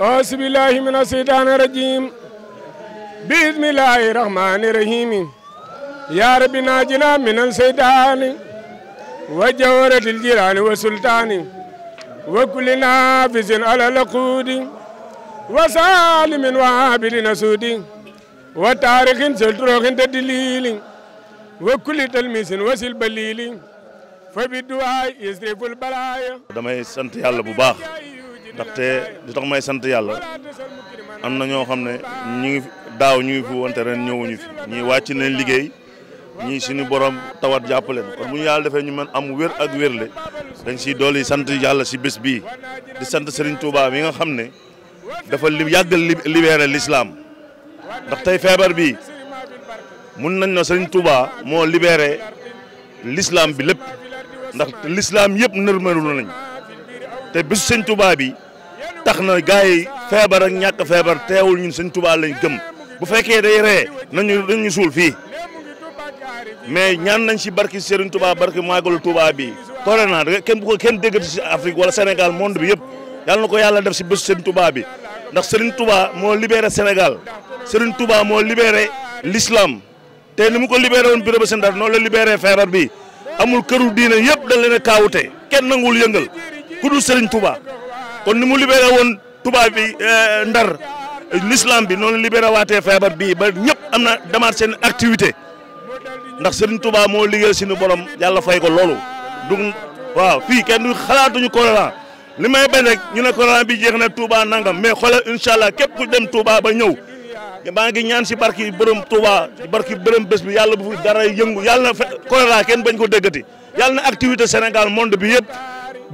أعوذ بالله من الشيطان الرجيم بسم الله الرحمن الرحيم يا رب ناجنا من الشيطان وجورة الجيران والسلطان وكل نافذ على العقود وسالم وعابد نسود وتارك سلطرق تدليل وكل تلميس وسل بليل فبالدعاء يسرف البلايا damay سنتي الله بباخ ndaxte li tax may sant yàlla am na ñoo xam ne ñu ngi daaw ñu ngi fi wante ren ñëwuñu fi ñii wàcc ne liggéey ñii suñu borom tawat jàppaleen kon yàlla defee ñu mën am wér ak wérle dañ siy dolli sant yàlla si bis bi di sant Serigne Touba mi nga xam ne dafa li yàggal lislaam l'islam ndax tey feebar bi mun nañ ne Serigne Touba moo libéré l'islam bi lépp ndax l'islam yëpp nërmalul nañ te bésu Serigne Touba bi. tax na gars yi feebar ak ñàkk feebar teewul ñun sëñ Tuubaa lañ gëm bu fekkee de ree nañu nañu suul fii mais ñaan nañ si barki Serigne Touba barki Magal Touba bi toore naa kenn bu ko kenn déggati si Afrique wala Sénégal monde bi yëpp yàlla na ko yàlla def si bés Serigne Touba bi ndax Serigne Touba moo libere senegal Serigne Touba moo libéré l'islam te ni mu ko libéré woon bureau ba seen noonu la libéré feebar bi amul këru diine yëpp dañ leen a kaawute ken nanguwul yëngal ku dul kon ni mu libéré won tuba bi eh, ndar eh, l'islam bi non libéré waté fébar bi ba ñep amna na sen activité ndax Serigne Touba mo liggéey sinu borom yalla fay ko lolu du waaw fi kenn du xalaatuñu corona li bañ rek ñu ne corona bi jeex na Touba nangam mais xolal inshallah allah képp ku dem Touba ba ñew ba nga ñaan si barki borom tuba, barki borom bés bi yalla bu fi dara yëngu yalla na corona kenn bañ ko déggati yalla na activité Sénégal monde bi yépp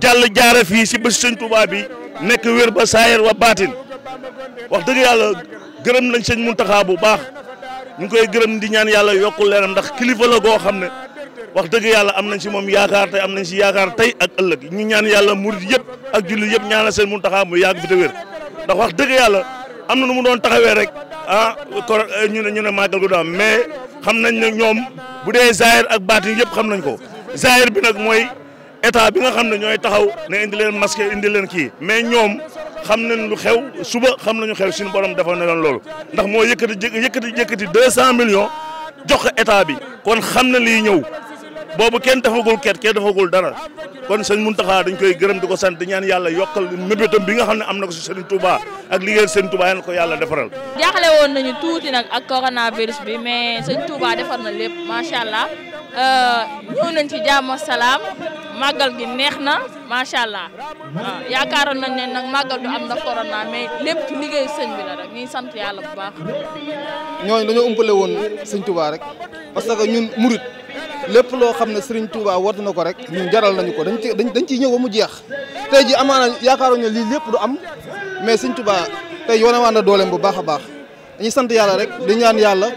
jàll jaare fii si bés si Touba bi nekk wér ba saayir wa baatin wax dëgg yàlla gërëm nañ sëñ Muntaxa bu baax ñu ngi koy gërëm di ñaan yàlla yokkul leen ndax kilifa la goo xam ne wax dëgg yàlla am nañ si moom yaakaar tey am nañ si yaakaar tey ak ëllëg ñu ñaan yàlla murit yëpp ak julli yëpp ñaanal sëñ Muntaxa mu yàgg fi te wér ndax wax dëgg yàlla am na nu mu doon taxawee rek ah kon ñu ne ñu ne màggal gu daam mais xam nañ ne ñoom bu dee zaahir ak baatin yëpp xam nañ ko zaahir bi nag état bi nga xam ne ñooy taxaw ne indi leen masque indi leen kii mais ñoom xam nañ lu xew suba xam ñu xew suñu borom defal na leen loolu ndax moo yëkkati yëkkati yëkkati deux cent millions jox état bi kon xam na lii ñëw boobu kenn defagul ket kenn defagul dara kon sëñ Mountakha dañ koy gërëm di ko sant di ñaan yàlla yokkal mébétam bi nga xam ne am na ko si Serigne Touba ak liggéeyal Serigne Touba yal na ko yàlla defaral. jaaxle woon nañu tuuti nag ak coronavirus bi mais sëñ Touba defar na lépp macha allah euh, ñëw màggal gi neex na macha allah waaw yaakaaroon nañ ne nag màggal du am na corona mais lépp ci liggéeyu sëñ bi la rek ñuy sant yàlla bu baax. ñooñu dañoo umpale woon sëñ Touba rek parce que ñun murit lépp loo xam ne sëriñ Touba war na ko rek ñun jaral nañu ko dañ ci dañ ciy ñëw ba mu jeex tey ji amaana yaakaaroon ne lii lépp du am mais sëñ Touba tey wane waan na dooleem bu baax a baax dañuy sant yàlla rek di yàlla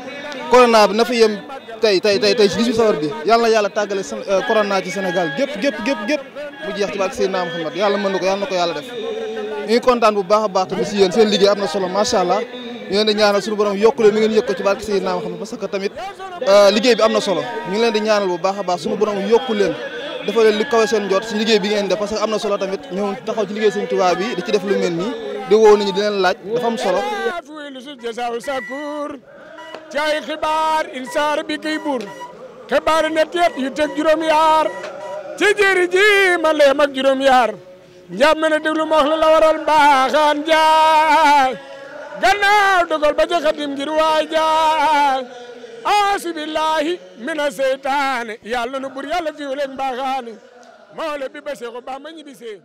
corona bi yem. tey tey tey tey ci 18 safar bi yàlla na yàlla tàggale euh, corona ci gépp gépp mu jeex ci barke Seydina Muhammad yàlla mën na ko yàlla def ñu ngi kontaan bu baax tamit si yéen seen liggéey am na solo macha allah ñu leen di ñaanal suñu borom euh, na solo ñu ngi leen kawe seen njoot si liggéey bi ngeen def parce am na solo tamit ñëw taxaw ci liggéey Sëñ Tuubaa def lu mel nii di woo nit ñi di leen laaj dafa solo ci ay xibaar insaar bi kiy buur xibaar net yet yu teg juróom yaar ci jëri ji ma leem juróom yaar njàm me ne déglu ma la waral mbaaxaan jaay gannaaw dogal ba ca xatim ngir waay jaay aasi billaahi seytaane yàlla nu bur yàlla fiwu leen mbaaxaani mawle bi basee ko baa ma ñibisee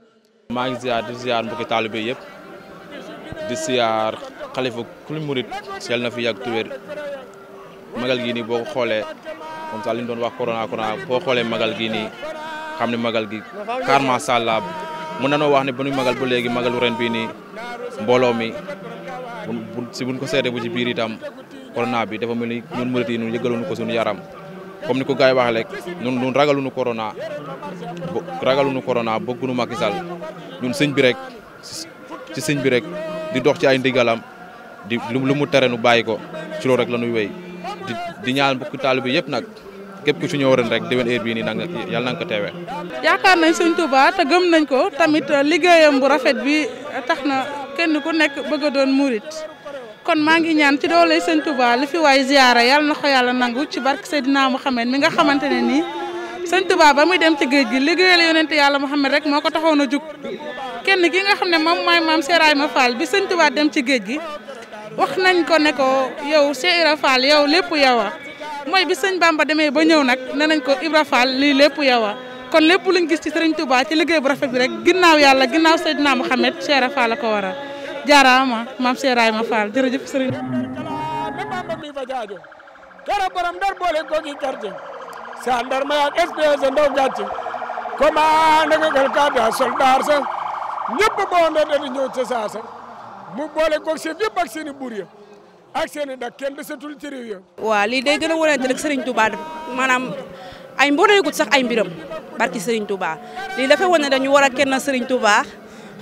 maa ngi ziar di ziar mbokki taalibe yëpp di ziar xalifa kul murit sel na fi yàgg tuwér magal gii nii boo ko xoolee comme ça ñu doon wax corona corona boo xoolee magal gii nii xam ne magal gi car macha allah mën nañoo wax ne ba nu magal bu léegi magalu ren bii nii mbooloo mi bu si buñ ko seetee bu ci biir itam corona bi dafa mel ni ñun murit yi ñun yëgaluñu ko suñu yaram comme ni ko gars yi waxee rek ñun korona ragaluñu corona ragaluñu corona bëgguñu Macky Sall ñun sëñ bi rek ci sëñ bi rek di dox ci ay ndigalam di lu mu tere nu bàyyi ko ci loolu rek la ñuy wéy. di di ñaan mbokku bi yëpp nag képp ku fi ñëw ren rek déwén heure bii nii nag yàlla na nga ko teewee. yaakaar nañ Sëñ Tuubaa te gëm nañ ko tamit liggéeyam bu rafet bi tax na kenn ku nekk bëgg a doon murit kon maa ngi ñaan ci doole Sëñ Tuubaa li fi waay ziyaara yàlla na ko yàlla nangu ci barke Seydina Muhammad mi nga xamante ne nii Sëñ Tuubaa ba muy dem ci géej gi liggéeyal yonente yàlla Muhammad rek moo ko taxoon a jug kenn ki nga xam ne moom mooy maam Seeraay ma bi Sëñ Tuubaa dem ci géej gi. wax nañ ko ne ko yow Cheikh Ibra Fall yow lépp yow a mooy bi sëñ ba demee ba ñëw nag ne nañ ko Ibra Fall lii lépp yow kon lépp luñ gis ci Serigne Touba ci liggéey bu rafet bi rek ginnaaw yàlla ginnaaw Seydina Mouhamed Cheikh Ibra Fall la ko waral jaaraama maam Cheikh Ibra Fall jërëjëf Serigne. keroog borom ndar boole ko gi quartier sa ndar gal ka da soldar sa ñëpp boo ndar da di ñëw ca saa mu boole ko seen yëpp ak seen i buur ya ak seen i dak kenn desatul ci réew ya. waaw lii day gën a wonante rek Serigne Touba maanaam ay mbooleegut sax ay mbiram barki Serigne Touba lii dafay wane ne dañu war a kenn Serigne Touba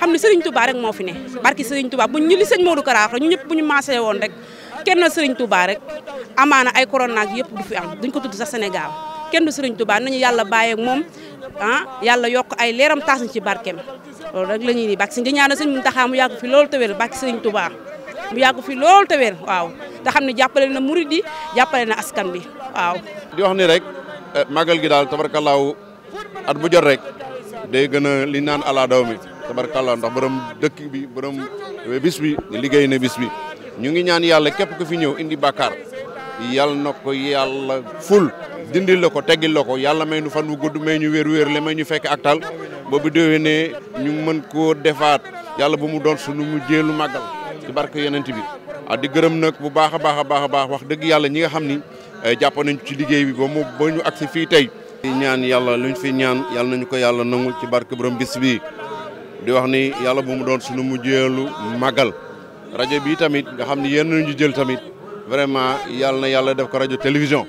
xam ne Serigne Touba rek moo fi ne barki Serigne Touba buñ ñu li sëñ Modou Kara wax ñu ñëpp bu ñu maasee woon rek kenn Serigne Touba rek amaana ay corona ak yëpp du fi am duñ ko tudd sax Sénégal kenn du Serigne na nañu yàlla bàyyeeg moom ah yàlla yokk ay leeram taas ñu ci barkeem. loolu rek la ñuy nii bàkk ñaan di ñaanal sëñ Muntaxa mu yàgg fi loolu te wér bàkk sëñ Touba mu yàgg fi loolu te wér waaw te xam ne jàppale na murid yi jàppale na askan bi waaw. di wax ni rek eh, màggal gi daal tabarkallaaw at bu jot rek day gën a li naan ala daw mi tabarkallaaw ndax borom dëkk bi borom bis bi liggéey na bis bi ñu ngi ñaan yàlla képp ku fi ñëw indi bàkkaar yàlla na ko ful. dindil la ko teggil la ko yàlla may nu fan wu gudd may ñu wér-wér le may ñu fekk ak tal boobu déwénee ñu mën koo defaat yàlla bu mu doon sunu mu jéelu màggal ci barke yonent bi ah di gërëm nag bu baax a baax a baax a baax wax dëgg yàlla ñi nga xam ni eh, jàpp nañ ci liggéey bi ba mu ba ñu agsi fii tey di ñaan yàlla luñ fi ñaan yàlla nañu ko yàlla nangul ci barke borom bis bii di wax ni yàlla bu mu doon sunu mu jéelu màggal rajo bi tamit nga xam ni yéen ñu jël tamit vraiment yàlla na yàlla def ko rajo télévision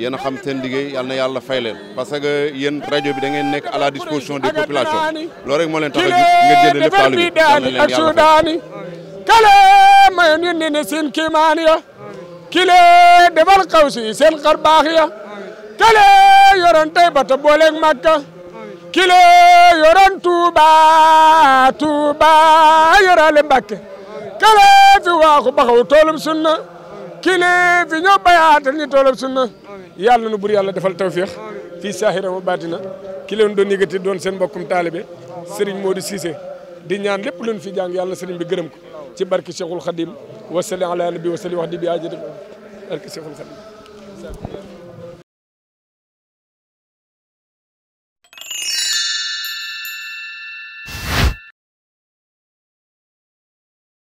yéen a xam seen liggéey yal na yàlla fay leen parce que yéen rajo bi da ngeen nekk à la disposition des populations loolu rek moo leen tax a gis nga jënd lépp taalibi yal na leen yàlla fay. kale mayoon yindi ne seen kiimaan ya kile defal xaw si seen xar bata booleeg Makka kile yoroon Tuuba Tuuba yorale Mbakke kale fi waaxu baxaw toolum sunna kii fi ñoo bayaatal ñu toolam sunna yàlla nu bur yàlla defal tawféex fii saahira wa baatina ki leen doon yëgati doon seen mbokkum taalibe Serigne Modou Cissé di ñaan lépp luñ fii jàng yàlla Serigne bi gërëm ko ci barke Cheikhul Khadim wasali ala nabi wasali wax di bi ajadik barke Cheikhul Khadim